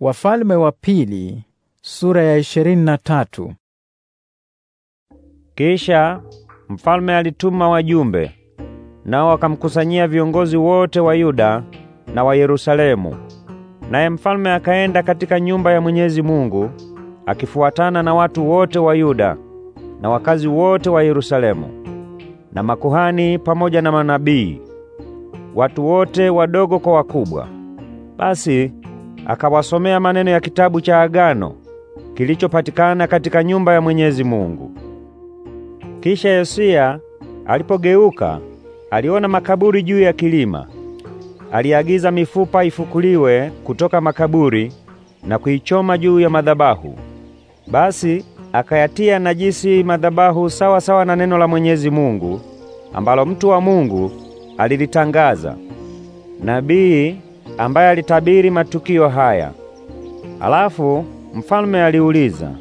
Wafalme wa pili, sura ya ishirini na tatu. Kisha mfalme alituma wajumbe nao wakamkusanyia viongozi wote wa Yuda na wa Yerusalemu. Naye mfalme akaenda katika nyumba ya Mwenyezi Mungu akifuatana na watu wote wa Yuda na wakazi wote wa Yerusalemu na makuhani pamoja na manabii, watu wote wadogo kwa wakubwa. Basi akawasomea maneno ya kitabu cha agano kilichopatikana katika nyumba ya Mwenyezi Mungu. Kisha Yosia alipogeuka, aliona makaburi juu ya kilima. Aliagiza mifupa ifukuliwe kutoka makaburi na kuichoma juu ya madhabahu. Basi akayatia najisi madhabahu sawa sawa na neno la Mwenyezi Mungu ambalo mtu wa Mungu alilitangaza. Nabii ambaye alitabiri matukio haya. Alafu mfalme aliuliza,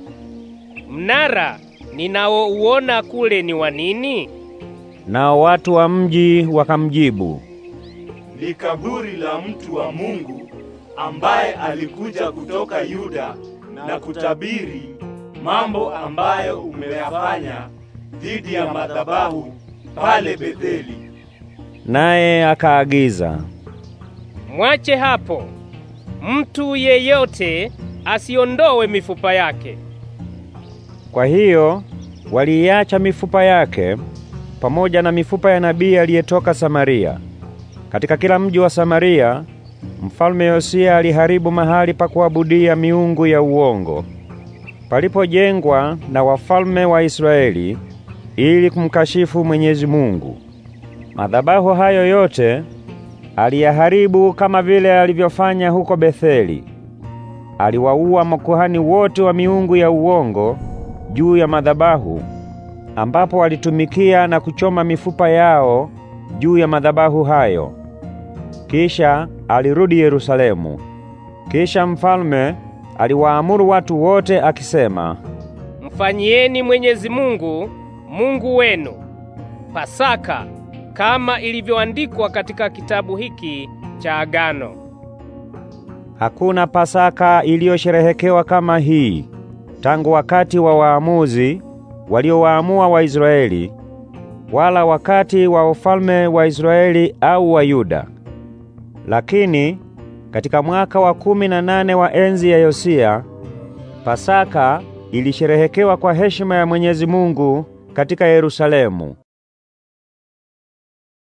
mnara ninaouona kule ni wa nini? Nao watu wa mji wakamjibu, ni kaburi la mtu wa Mungu ambaye alikuja kutoka Yuda na kutabiri mambo ambayo umeyafanya dhidi ya madhabahu pale Betheli. Naye akaagiza Mwache hapo, mtu yeyote asiondowe mifupa yake. Kwa hiyo waliacha mifupa yake pamoja na mifupa ya nabii aliyetoka Samaria. Katika kila mji wa Samaria, mfalme Yosia aliharibu mahali pa kuabudia miungu ya uongo palipojengwa na wafalme wa Israeli ili kumkashifu Mwenyezi Mungu. Madhabahu hayo yote aliyaharibu kama vile alivyofanya huko Betheli. Aliwaua makuhani wote wa miungu ya uongo juu ya madhabahu, ambapo walitumikia na kuchoma mifupa yao juu ya madhabahu hayo. Kisha alirudi Yerusalemu. Kisha mfalme aliwaamuru watu wote akisema, mfanyieni Mwenyezi Mungu Mungu wenu Pasaka kama ilivyoandikwa katika kitabu hiki cha Agano. Hakuna Pasaka iliyosherehekewa kama hii tangu wakati wa waamuzi waliowaamua Waisraeli, wala wakati wa ufalme wa Israeli au wa Yuda. Lakini katika mwaka wa kumi na nane wa enzi ya Yosia, Pasaka ilisherehekewa kwa heshima ya Mwenyezi Mungu katika Yerusalemu.